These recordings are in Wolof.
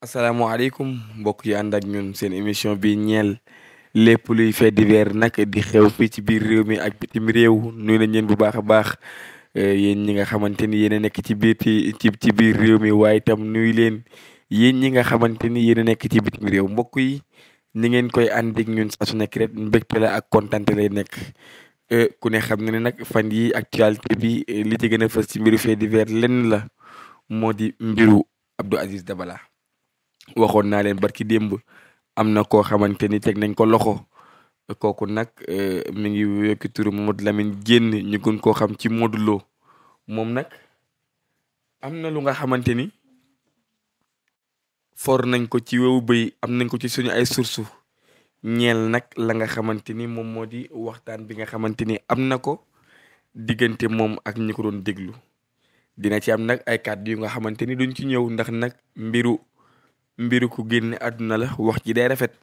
asalaamaaleykum mbokk yi ànd ak ñun seen émission bi ñeel lépp luy fait divers nag di xew fii ci biir réew mi ak bitim réew nuyu nañ leen bu baax a baax euh, yéen ñi nga xamante ni yéen nekk ci biir ci ci biir réew mi waaye itam nuyu leen yéen ñi nga xamante ni yéen nekk ci bitim réew mbokk yi ni ngeen koy ànd ñun saa su nekk ak kontante lay nekk. Euh, ku ne xam na ne nag fan yi actualité bi li ci gën a fës ci mbiru fait divers la moo di mbiru Abdou Aziz Dabala. waxoon naa leen barki démb am na koo xamante ni teg nañ ko loxo kooku nag eh, mi ngi wekk turu Mamadou Lamine génn koo xam ci Modou Lo moom nag am na lu nga xamante ni for nañ ko ci wewu bëy am nañ ko ci suñu ay sources ñeel nag la nga xamante ni moom moo di waxtaan bi nga xamante ni am na ko diggante moom ak ñi ko doon déglu dina ci am nag ay kàddu yu nga xamante ni duñ ci ñëw ndax nag mbiru mbiru ku génne àdduna la wax ji day rafet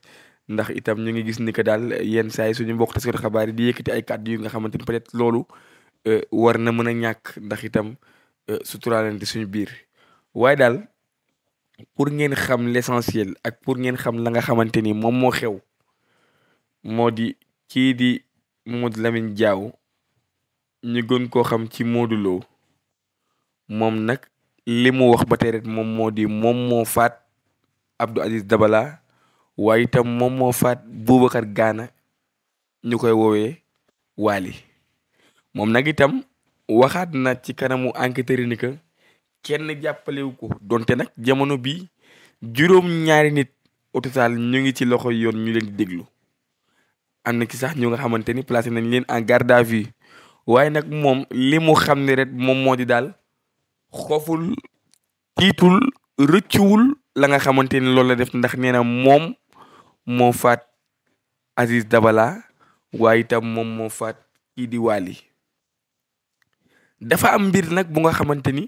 ndax itam ñu ngi gis ni que daal yenn saa yi suñu mbokk taskatu xabaar yi di yëkkati ay kàddu yu nga xamante ni peut-être loolu euh, war na mën a ñàkk ndax itam euh, suturaalante suñu biir waaye daal pour ngeen xam l'essentiel ak pour ngeen xam la nga xamante ni moom moo xew moo di kii di Mamadou Lamine Diaw ñu gën koo xam ci Modou Lo moom nag limu wax ba te rek moom moo di moom moo faat Abdou Aziz Dabala waaye itam moom moo faat Boubacar Gaana ñu koy woowee Waali moom nag itam waxaat na ci kanamu enquêteur yi ni kenn jàppalewu ko donte nag jamono bi juróom ñaari nit au total ñu ngi ci loxo yoon ñu leen di déglu am na ki sax ñu nga xamante ni placé nañ leen en garde à waaye nag moom limu xam ne rek moom moo di daal xoful tiitul rëccuwul la nga xamante ni loolu la def ndax nee na moom moo faat Aziz Dabala waaye itam moom moo faat kii di Wally dafa am mbir nag bu nga xamante ni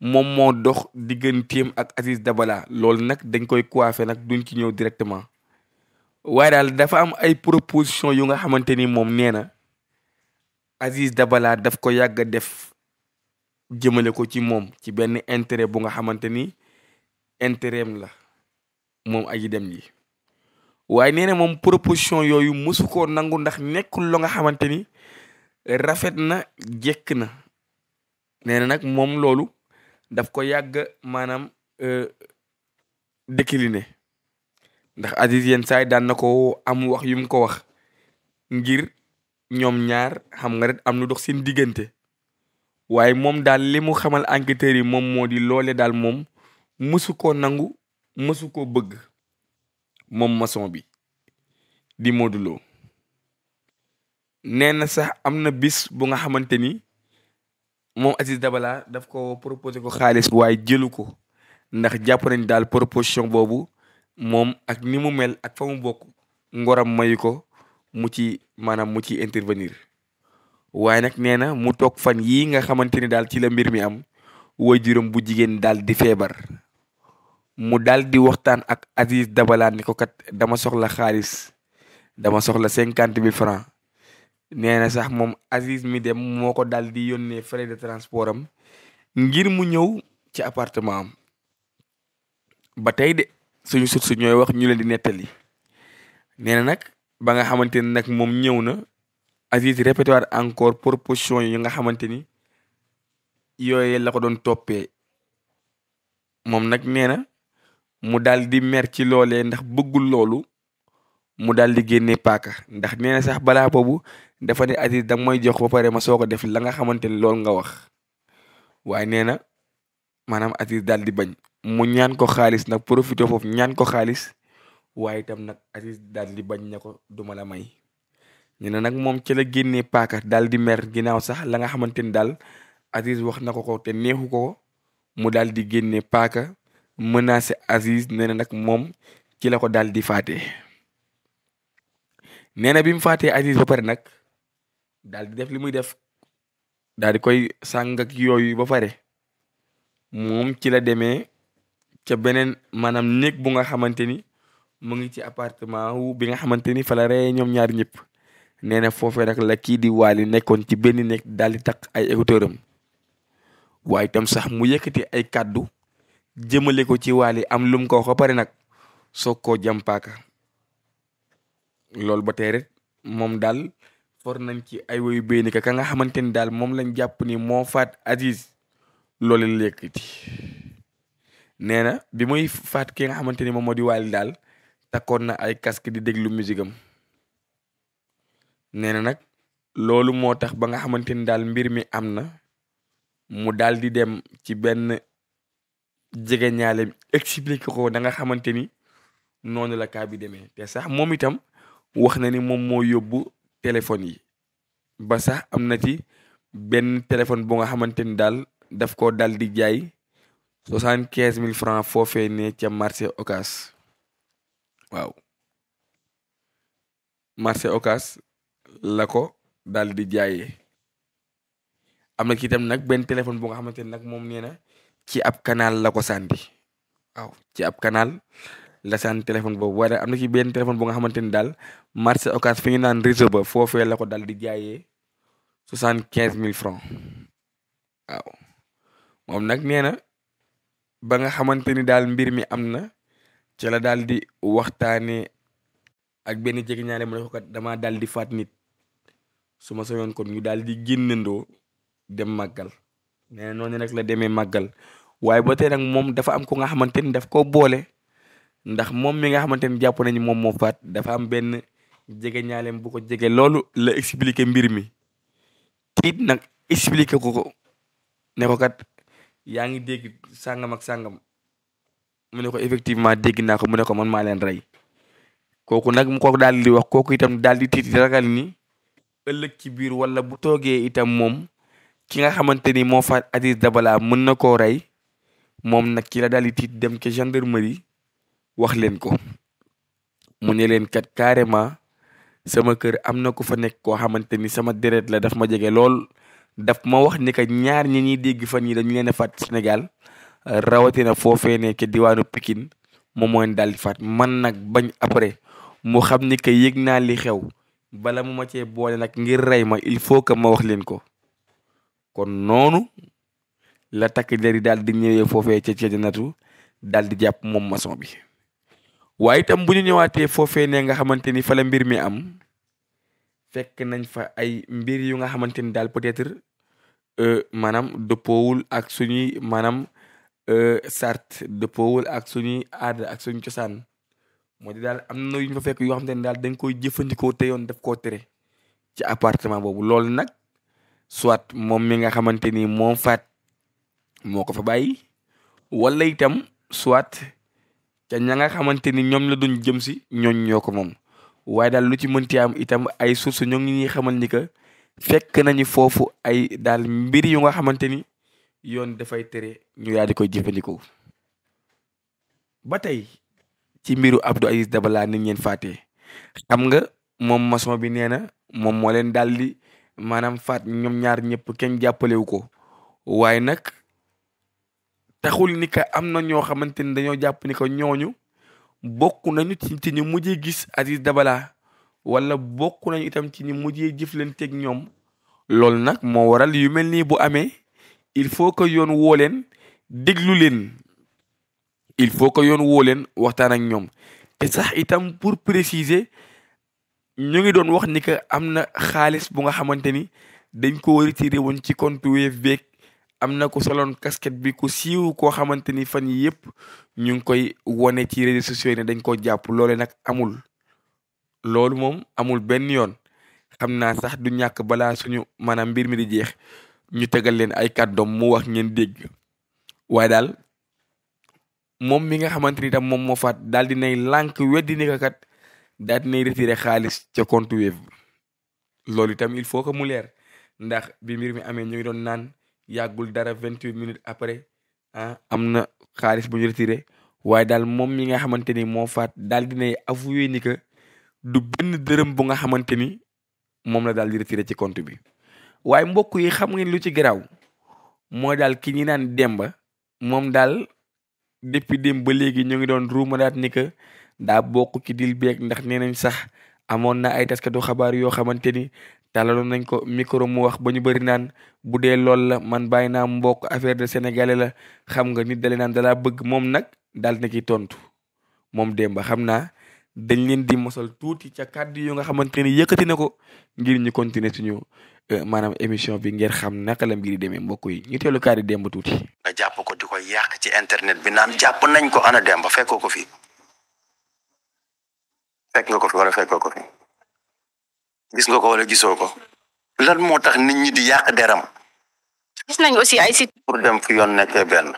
moom moo dox digganteem ak Aziz Dabala loolu nag dañ koy coiffé nag duñ ci ñëw directement waaye daal dafa am ay proposition yu nga xamante ni moom nee na Aziz Dabala daf ko yàgg def jëmale ko ci moom ci benn intérêt bu nga xamante ni intérim la moom aji dem ji waaye nee na moom proposition yooyu mosu koo nangu ndax nekkul la nga xamante ni rafet na jekk na nee na nag moom loolu daf ko yàgg maanaam euh, décliné ndax Aziz yenn saay daan na ko am wax yu mu ko wax ngir ñoom ñaar xam nga rek am lu dox seen diggante waaye moom daal li mu xamal enquêteurs yi moom moo di loole daal moom mësu koo nangu mësu koo bëgg moom maçon bi di Modou Lo nee na sax am na bis bu nga xamante ni moom Aziz Dabala daf ko proposé ko xaalis waaye jëlu ko ndax jàpp daal proposition boobu moom ak ni mu mel ak fa mu bokk ngoram mayu ko mu ci maanaam mu ci intervenir waaye nag nee na mu toog fan yii nga xamante ni daal ci la mbir mi am waajuram bu jigéen daal di feebar mu daal di waxtaan ak Aziz Dabala ni ko kat dama soxla xaalis dama soxla cinquante mille francs nee na sax moom Aziz mi dem moo ko daal di yónnee frais de transport am ngir mu ñëw ci appartement am ba tey de suñu sut ñooy wax ñu leen di nettali nee na nag ba nga xamante ni nag moom ñëw na Aziz répété waat encore proposition yi nga xamante ni yooyu la ko doon toppee moom nag nee na mu daal di mer ci loolee ndax bëggul loolu mu daal di génne paaka ndax nee sax balaa boobu dafa ne Aziz danga may jox ba pare ma soo ko def la nga xamante ne loolu nga wax waaye nee na maanaam Aziz daal di bañ mu ñaan ko xaalis nag profité foofu ñaan ko xaalis waaye itam nag Aziz daal di bañ na ko duma la may ñu ne nag moom ci la génnee paaka daal di mer ginnaaw sax la nga xamante ni daal Aziz wax na ko ko te neexu ko mu daal di génne paaka menacé Aziz nee na nag moom ci la ko daal di faatee nee na bi mu faatee Aziz ba pare nag daal di def li muy def daal koy sàng ak yooyu ba pare moom ci la demee ca beneen maanaam néeg bu nga xamante ni mu ngi ci appartement wu bi nga xamante ni fa la ñoom ñaar ñëpp nee na foofee nag la kii di waali nekkoon ci benn néeg daal di takk ay écouteuram waaye itam sax mu yëkkati ay kàddu jëmale ko ci waali am lum ko wax pare nag soog koo jàmpaaka loolu ba tey rek moom daal for nañ ci ay woyu béy ka nga xamante ni daal moom lañ jàpp ni moo faat Aziz loolu la yëkkati nee na bi muy faat ki nga xamante ni moom moo di waali daal takkoon na ay casque di déglu musique am nee na nag loolu moo tax ba nga xamante ni daal mbir mi am na mu daldi dem ci benn jege ñaaleem expliqué ko da nga xamante ni noonu la bi demee te sax moom itam wax na ni moom moo yóbbu téléphone yi ba sax am na ci benn téléphone bu nga xamante ni daal daf ko dal di jaay soixante quinze mille francs foofee ne ca marché Ocass waaw marché Ocass la ko dal di jaayee am na ci nag benn téléphone bu nga xamante ni nag moom nee na ci ab kanaal la ko sànni waaw ci ab kanaal la sànni téléphone boobu wala am na ci benn téléphone bu nga xamante ni daal marché Ocass fi naan réseau ba foofee la ko daal di jaayee soixante quinze mille francs waaw moom nag nee na ba nga xamante ni daal mbir mi am na ci la daal di waxtaanee ak benn jege ñaare mu ne ko kat damaa daal di faat nit su ma soñoon kon ñu daal di génnandoo dem màggal. nee na noonu nag la demee màggal waaye ba tey nag moom dafa am ko nga xamante ni daf ko boole ndax moom mi nga xamante ni jàpp nañu moom moo faat dafa am benn jege ñaaleem bu ko jege loolu la expliquer mbir mi tiit nag expliquer ko ko ne kat yaa ngi dégg sàngam ak sàngam mu ne ko effectivement dégg naa ko mu ne ko man maa leen rey kooku nag mu ko daal di wax kooku itam daal di tiit ragal ni ëllëg ci biir wala bu toogee itam moom ki nga xamante ni moo faat Aziz Dabala mën na koo rey moom nag ki la daal di tiit dem ke gendarmerie wax leen ko mu ne leen kat carrément sama kër am na ko fa nekk koo xamante ni sama deret la daf ma jege lool daf ma wax ni que ñaar ñi ñuy dégg fa yi dañu leen a faat Sénégal rawatina foofee nekk diwaanu pikin moom moo leen daal di faat man nag bañ après mu xam ni que yëg naa li xew bala mu ma cee boole nag ngir rey ma il faut que ma wax leen ko. kon noonu la takk der daal di ñëwee foofee ca ca janatu daal di jàpp moom maçon bi waaye itam bu ñu ñëwaatee foofee ne nga xamante ni fa mbir mi am fekk nañ fa ay mbir yu nga xamante ni daal peut-être euh, maanaam depowul ak suñuy maanaam sart euh, depowul ak suñuy aada ak suñu cosaan moo di daal am na yu ñu fa fekk yoo xamante ni daal dañ koy jëfandikoo te yoon daf koo tere ci appartement boobu loolu nag soit moom mi nga xamante ni moom faat moo ko fa bàyyi wala itam soit ca ña nga xamante ni ñoom la doon jëm si ñooñ ñoo ko moom waaye daal lu ci mënti am itam ay source ñoo ngi ñuy xamal ni que fekk nañu foofu ay daal mbir yu nga xamante ni yoon dafay tere ñu yaa di koy jëfandikoo ba tey ci mbiru Abdou Aziz Dabala ni ñeen faatee xam nga moom maçon bi nee na moom mooleen leen maanaam faat ñoom ñaar ñëpp kenn jàppalewu ko waaye nag taxul ni ka am na ñoo xamante ni dañoo jàpp ni ko ñooñu bokk nañu ci ñu mujjee gis Aziz Dabala wala bokk nañu itam ci ñu mujjee teeg ñoom loolu nag moo waral yu mel nii bu amee il faut que yoon woo leen déglu leen il faut que yoon woo leen waxtaan ak ñoom te sax itam pour préciser ñu ngi doon wax ni que am na xaalis bu nga xamante ni dañ ko retiré woon ci compte Wave beeg am na ko soloon casquette bi ku siiw koo xamante ni fan yi yëpp ñu ngi koy wone ci réseaux sociaux yi ne dañ ko jàpp loole nag amul loolu moom amul benn yoon xam naa sax du ñàkk balaa suñu maanaam mbir mi di jeex ñu tegal leen ay kàddoom mu wax ngeen dégg waaye daal moom mi nga xamante ni tam moom moo faat daal di nay lànk weddi ni daa dinay retiré xaalis ca compte Wave loolu itam il faut que mu leer ndax bi mbir mi amee ñu doon naan yàggul dara vingt huit minutes après ah am na xaalis bu ñu retiré waaye daal moom mi nga xamante ni moo faat daal dinay avoué ni que du benn dërëm bu nga xamante ni moom na daal di retiré ci compte bi waaye mbokk yi xam ngeen lu ci garaaw mooy daal ki ñi naan Demba moom daal depuis démb ba léegi ñu ngi doon ruumadaat ni daa bokk ci dil beeg ndax nee nañ sax amoon na ay taskatu xabaar yoo xamante ni talaloon nañ ko micro mu ax ba ñu bëri naan bu dee lool la man bàyyi naa mbokk affaire de sénégalais la xam nga nit dale naan dalaa bëgg moom nag daal na ki tontu moom Demba xam naa dañ leen di mosal tuuti ca kàddu yu nga xamante ni yëkkati na ko ngir ñu continuer suñu euh, maanaam émission bi ngeen xam naka la mbiri demee mbokk yi ñu teelu kàddu Demba tuuti. nga jàpp ko di ko yàq ci internet bi naan jàpp nañ ko ana Demba fekkoo ko fii. fekk nga ko fi wala fekkoo ko fi gis nga ko wala gisoo ko lan moo tax nit ñi di yàq deram. gis nañ si ay site. pour dem fi yoon nekkee benn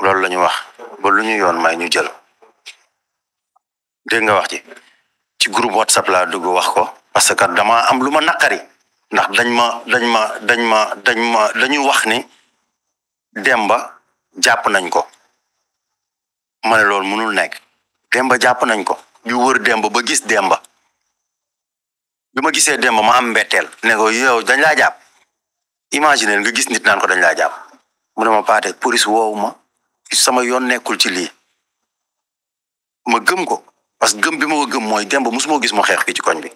loolu la ñu wax ba lu ñu yoon may ñu jël dégg nga wax ci ci groupe whatsapp laa dugg wax ko parce que dama am lu ma naqari ndax dañ ma dañ ma dañ ma dañ ma dañu wax ni Demba jàpp nañ ko ma ne loolu mënul nekk Demba jàpp nañ ko. ñu wër demba ba gis demba bi ma gisee demba ma am mbetteel ne ko yow dañ laa jàpp imaginer nga gis nit naan ko dañ laa jàpp mu ne ma paate police woowu ma sama yoon nekkul ci lii ma gëm ko parce que gëm bi ma gëm mooy demba mosuma gis mu xeex fii ci koñ bi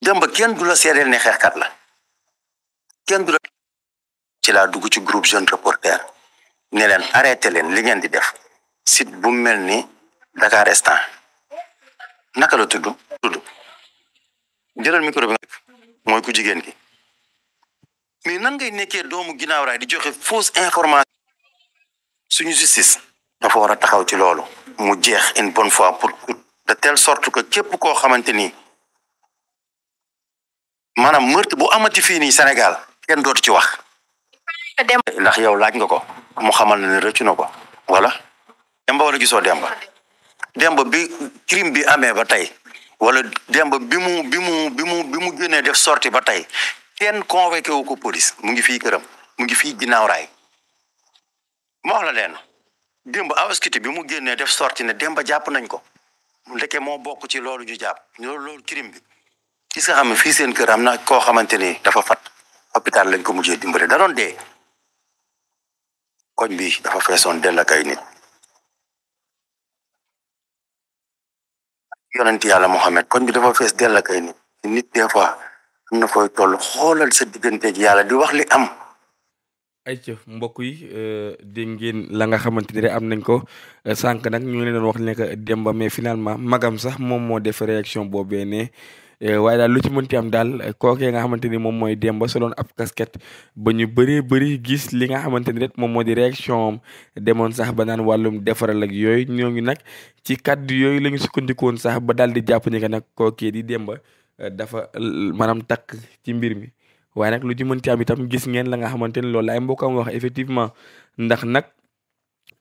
demba kenn dula la seedeel ne xeexkat la kenn du ci laa dugg ci groupe jeune reporter ne leen arrêté leen li ngeen di def sit bu mel ni Dakar instant naka la tudd tudd jëlal micro bi mooy ku jigéen ki mais nan ngay nekkee doomu ginnaaw raay di joxe fausse information suñu justice dafa war a taxaw ci loolu mu jeex une bonne fois pour de telle sorte que képp koo xamante ni maanaam meurtre bu amati fii nii Sénégal kenn dootu ci wax ndax yow laaj nga ko mu xamal na ne rëccu ko wala demba wala gisoo demba demb bi crime bi amee ba tey wala demb bi mu bi mu bi mu bi mu génnee def sorti ba tey kenn convoqué wu ko police mu ngi fii këram mu ngi fii ginnaaw raay ma wax la leen démb awaskiti bi mu génnee def sorti ne démb jàpp nañ ko mu ndeke moo bokk ci loolu ñu jàpp loolu loolu crime bi gis nga xam ne fii seen kër am na koo xamante ni dafa fat hôpital lañ ko mujjee dimbale da doon dee koñ bi dafa feesoon dell ak ay nit yonent yàlla Muhammad koñ bi dafa fees dell ak ay nit nit des fois am na koy toll xoolal sa diggante ji yàlla di wax li am. ay ca mbokk yi euh, dégg ngeen la nga xamante ne am nañ ko euh, sànq nag ñu ngi leen doon wax ne que Demba mais finalement magam sax moom moo def réaction boobee ne. Eh, waaye daal lu ci mënti am daal kookee nga xamante ni moom mooy Demba soloon ab casquette ba ñu bëree bëri gis li nga xamante ni rek moom moo di réaction demoon sax ba naan wàllum defaral ak yooyu ñoo ngi nag ci kàddu yooyu la sukkandikoon sax ba daal di jàpp ni que nag kookee di Demba eh, dafa maanaam takk ci mbir mi waaye nag lu ci mënti am itam gis ngeen la nga xamante ni loolu laay mbokkam wax effectivement ndax nag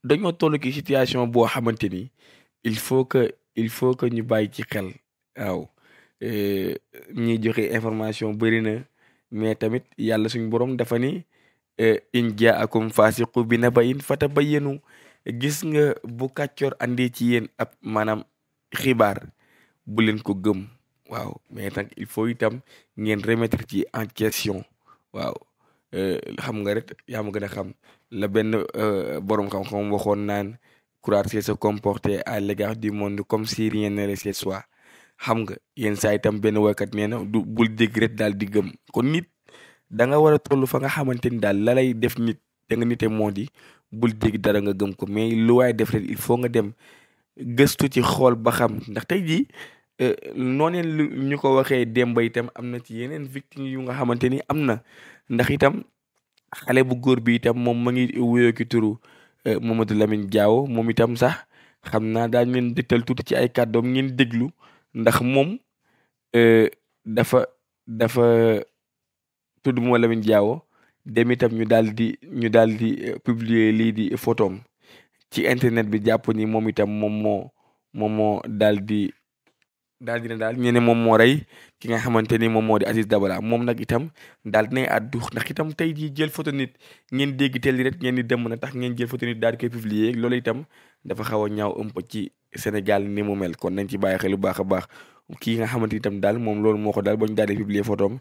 dañoo toll ci situation boo xamante ni il faut que il faut que ñu bàyyi ci xel ñuy joxe information bëri na mais tamit yàlla suñu borom dafa ni eh, in jaakum fasiqu bi naba'in fatabayyanu gis nga bu kàccoor andi ci yéen ab maanaam xibaar bu leen ko gëm waaw mais nag il faut itam ngeen remettre ci en question waaw eh, xam nga rek yaa ma gën a xam la benn eh, borom xam-xam waxoon naan courage se comporter à l'égard du monde comme si rien ne l'était soi xam nga yenn saa itam benn woykat nee na du bul dégg rek daal di gëm kon nit da nga war a toll fa nga xamante ni daal la lay def nit da nga nite moo di bul dégg dara nga gëm ko mais lu waaye def rek il faut nga dem gëstu ci xool ba xam ndax tey jii euh, nooneen lu ñu ko waxee demba itam am na ci yeneen victime yu nga xamante ni am na ndax itam xale bu góor bi itam moom ma ngi wuyoo ki turu euh, Mamadou Lamine moom itam sax xam naa daañu leen dégtal tuuti ci ay kàddoom ngeen déglu ndax moom euh, dafa dafa tudd moo Lamine Diawo dem itam ñu daal di ñu daal di euh, publier lii di photom ci internet bi jàpp ni moom itam moom moo moom moo daal di daal dina daal ñu ne moom moo rey ki nga xamante ni moom moo di Aziz Dabala moom nag itam daal dinay àddu ndax itam tey jii jël photo nit ngeen dégg teel rek ngeen di dem na tax ngeen jël photo nit daal publier loolu itam dafa xaw a ñaaw ëmp ci Sénégal ni mu mel kon nañ ci bàyyi xel bu baax a baax kii nga xamante itam daal moom loolu moo ko daal ba ñu daal di publier photom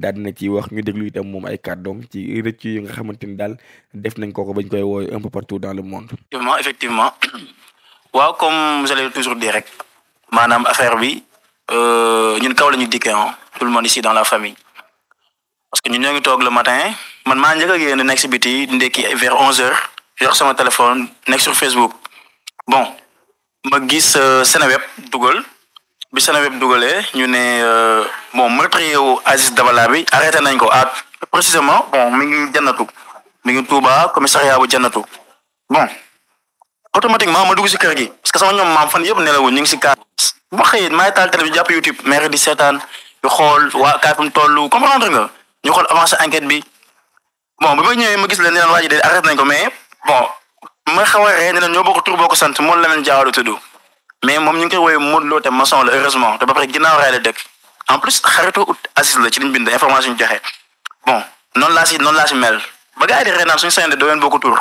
daal dina ci wax ñu déglu itam moom ay kàddoom ci rëcc yi nga xamante ni daal def nañ ko ko bañ koy wooy un partout dans le monde. effectivement waaw comme vous allez toujours dire rek maanaam affaire bi euh, ñun kaw la ñu dikkee tout le monde ici dans la famille. parce que ñun ñoo ngi toog le matin man maa njëkk a génn nekk si biti ndekki vers 11h yor sama téléphone ma gis euh, Seneweb dugal bi Seneweb dugalee ñu ne euh, bon meurtrier wu Aziz Dabala bi arrêté nañ ko ah précisément bon mu ngi jannatu mi ngi Touba commissariat bu jannatu bon automatiquement ma dugg si kër gi parce que sama ñoom maam fan yëpp nelawul ñu ngi si kaar ma xëy maay taal télé bi YouTube maire di seetaan yu xool waa kaay fu mu toll nga ñu xool avancé enquête bi bon bi ma ñëwee ma gis leen ne leen waa ji de arrêté nañ ko mais ma xaw a ree ne na ñoo bokk tur boo sant moom la leen jaawalu tudd mais moom ñu ngi koy woowee te maçon la heureusement te ba pare ginnaaw raay en plus xaritu Aziz la ci liñ bind information ñu bon noonu laa si noonu mel ba gars yi di ree de doo bokk tur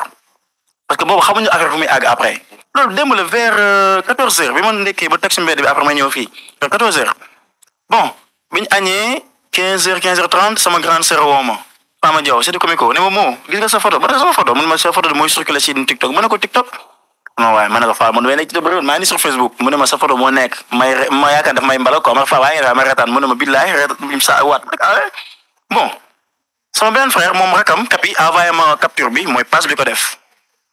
parce que boobu xamuñu affaire fu muy àgg après loolu démb vers euh, quatorze heures bi ma nekkee ba teg si bi après ma ñëw fii vers quatorze heures bon bi añee quinze Mama Diaw c'est de comico ne ma moo gis nga photo ma ne sama photo man ma sa photo mooy ko TikTok ne ko faa man waaye nekk ci bëri sur Facebook mu ma sa photo moo nekk may ma yaakaar daf may mbala ma faa ma reetaan mu ma billaay reet sa waat ah. bon sama beneen frère moom rakam kapi envoyé ma capture bi mooy passe bi ko def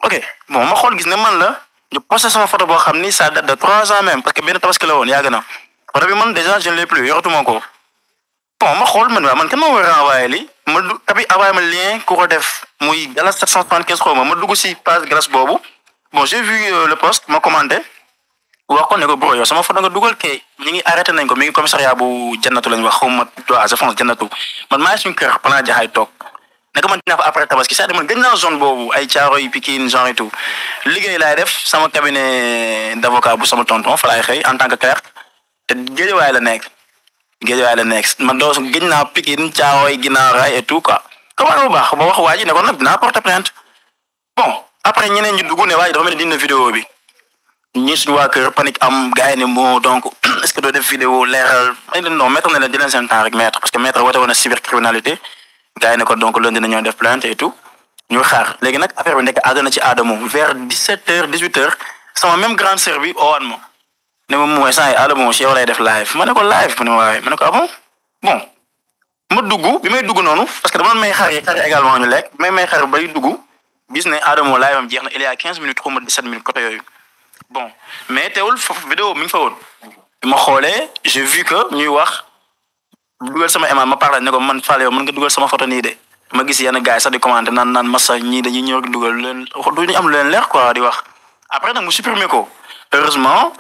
ok bon ma xool gis ne man la ñu posté photo boo xam ni ça date trois ans même parce que benn tabaski la woon na ne l'ai plus yoratuma ko bon ma ma war ma du abi envoyé ma lien ku ko def muy galas 775 xaw ma ma dugg si page galas boobu bon j'ai euh, le poste ma commandé wa ko ne ko bro yow sama photo nga dugal kay ñu ngi arrêté nañ ko mi ngi commissariat bu jannatu lañ wax xaw ma doa je pense jannatu man maa suñu kër plan jaxaay toog naka man dina fa après tabaski cest à man gën naa zone boobu ay caaro yi Pikine genre et tout liggéey laay def sama cabinet d'avocat bu sama tonton fa laay xëy en tant que clerc te géejawaay la nekk géejawaay la nekk man doo gëj naa Pikine Thiaroye Guinaw Rail et baax ba wax waa ne ko nag dinaa porter plainte bon après ñeneen ñu dugg ne waa ji vidéo bi ñi suñu waa kër am gars yi donc est-ce que def vidéo leeral ay leen non maître ne leen jëleen seen temps parce que maître woote woon na cybercriminalité gars yi ne ko donc lundi dinañoo def plainte et ñu xaar léegi nag affaire bi nekk àdduna ci aadamu vers 17 heures 18 heures sama même ne ma mooy saa yi àll moom def live ma ne ko live ma waaye ma ko ah bon ma dugg bi may dugg noonu parce que dama may xar yi xar également ñu lekk bi may may xar bay dugg gis ne Adamo live am jeex na il y a quinze minutes xaw ma sept minutes côté bon mais teewul foofu vidéo mi ngi fa woon bi ma xoolee je vu que ñuy wax dugal sama image ma parle ne ko man Fall yow nga dugal sama photo nii ma gis yenn gars yi sax di commenter naan naan massa ñii dañuy ñëw dugal leen o am lu leen leer quoi di wax après nag mu supprimer ko. heureusement.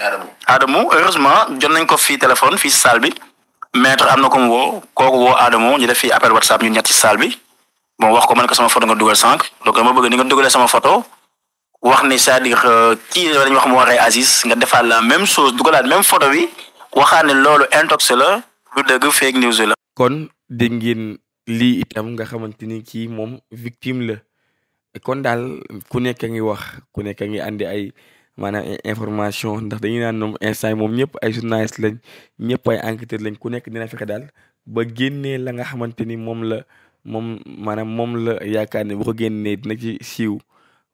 Adamo heureusement jot nañ ko fii téléphone fii si salle bi maître am na ko mu woo kooku woo Adamo ñu def fii appel whatsapp ñun ñett si salle bi bon wax ko man ko sama photo nga dugal sànq donc ma bëgg ni nga dugalee sama photo wax ni cest à dañuy wax mu waree Aziz nga defaat la même chose dugalaat même photo bi waxaat ne loolu intox la du dëgg fake news la. kon dégg ngeen lii itam nga xamante ni kii moom victime la kon daal ku nekk a ngi wax ku nekk a ngi andi ay. maanaam information ndax dañuy naan ñoom instant moom ñëpp ay journaliste lañ ñëpp ay enquêteur lañ ku nekk dina fexe daal ba génnee la nga xamante ni moom la moom maanaam moom la yaakaar ne bu ko génnee dina ci siiw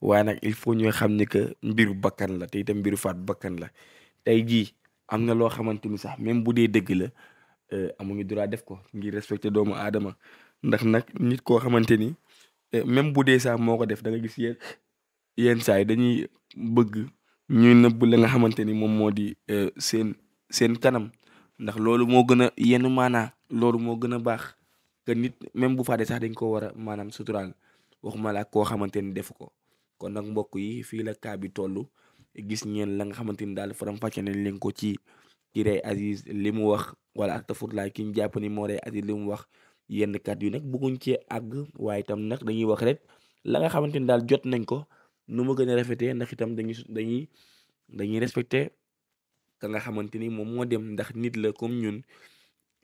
waaye nag il faut ñu xam ni que mbiru bakkan la tey itam mbiru faat bakkan la tey gii am na loo xamante ni sax même bu dee dëgg la euh, amuñu droit def ko ngi respecter doomu aadama ndax nag nit koo xamante ni euh, même bu dee sax moo ko def danga nga gis yéen yenn saa yi dañuy bëgg ñuy nëbb la nga xamante ni moom moo di euh, seen seen kanam ndax loolu moo gën a yenn maanaa loolu moo gën a baax que nit même bu faatee sax dañ ko war a maanaam suturaal waxuma la koo xamante ni def ko kon nag mbokk yi fii la kaa bi toll gis ñeen la nga xamante ni daal faram-fàccee nañ leen ko ci ki rey Aziz li mu wax wala ak tafurlaay ki ñu jàpp ni moo rey Aziz li mu wax yenn kat yu nag bëgguñ cee àgg waaye itam nag dañuy wax rek la nga xamante ni daal jot nañ ko. nu ma gën a rafetee ndax itam dañuy dañuy dañuy respecté ka nga xamante ni moom moo dem ndax nit la comme ñun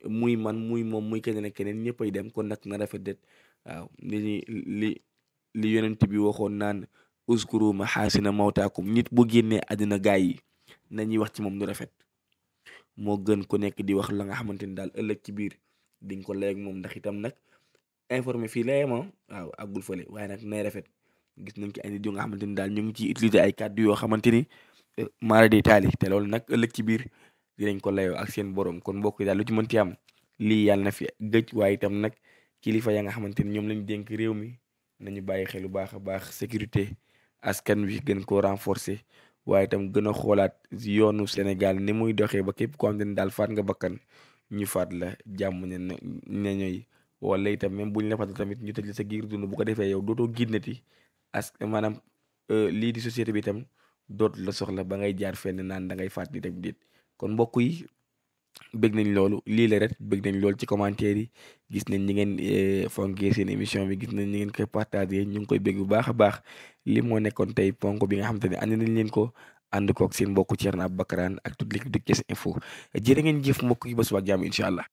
muy man muy moom muy keneen ak keneen ñëpp ay dem kon nag na rafet det waaw li li li yonent bi waxoon naan uskuru mahaasina mawtaakum nit bu génnee àddina gaay yi nañuy wax ci moom lu rafet moo gën ko nekk di wax la nga xamante ni daal ëllëg ci biir diñ ko lay moom ndax itam nag informé fii layema ah, waaw àggul fële waaye nak nay rafet gis nañ ci ay nit yu nga xamante ni daal ñu ngi ciy utiliser ay kàddu yoo xamante ni eh, maara day taali te loolu nag ëllëg ci biir dinañ ko layo ak seen borom kon mbokk yi daal lu ci mënti am lii yàlla na fi gëj waaye itam nag kilifa ya nga xamante ni ñoom lañu dénk réew mi nañu bàyyi xel bu baax a baax sécurité askan wi gën ko renforcer waaye itam gën a xoolaat yoonu Sénégal ni muy doxee ba képp koo xamante ni daal faat nga bakkan ñu faat la jàmm ne ne ñooy wala itam même bu ñu la faat tamit ñu tëj la sa giir dund bu ko defee yow dootoo ginnati as maanaam euh, lii di société bi itam dootu la soxla ba ngay jaar fenn naan dangay ngay faat di dem déet kon mbokk yi bëgg nañ loolu lii la ret bëgg nañ lool ci commentaire yi gis nañ ñi ngeen euh, fonkee seen émission bi gis nañ ñi ngeen koy partagé ñu ngi koy bëgg bu baax a baax li moo nekkoon tey ponk bi nga xam te ne andi nañ leen ko ànd koog seen mbokk Thierno Abou Bakarane ak toute l'équipe de Thiès Info jërë ngeen jëf mbokk yi ba suba ak jàmm incha allah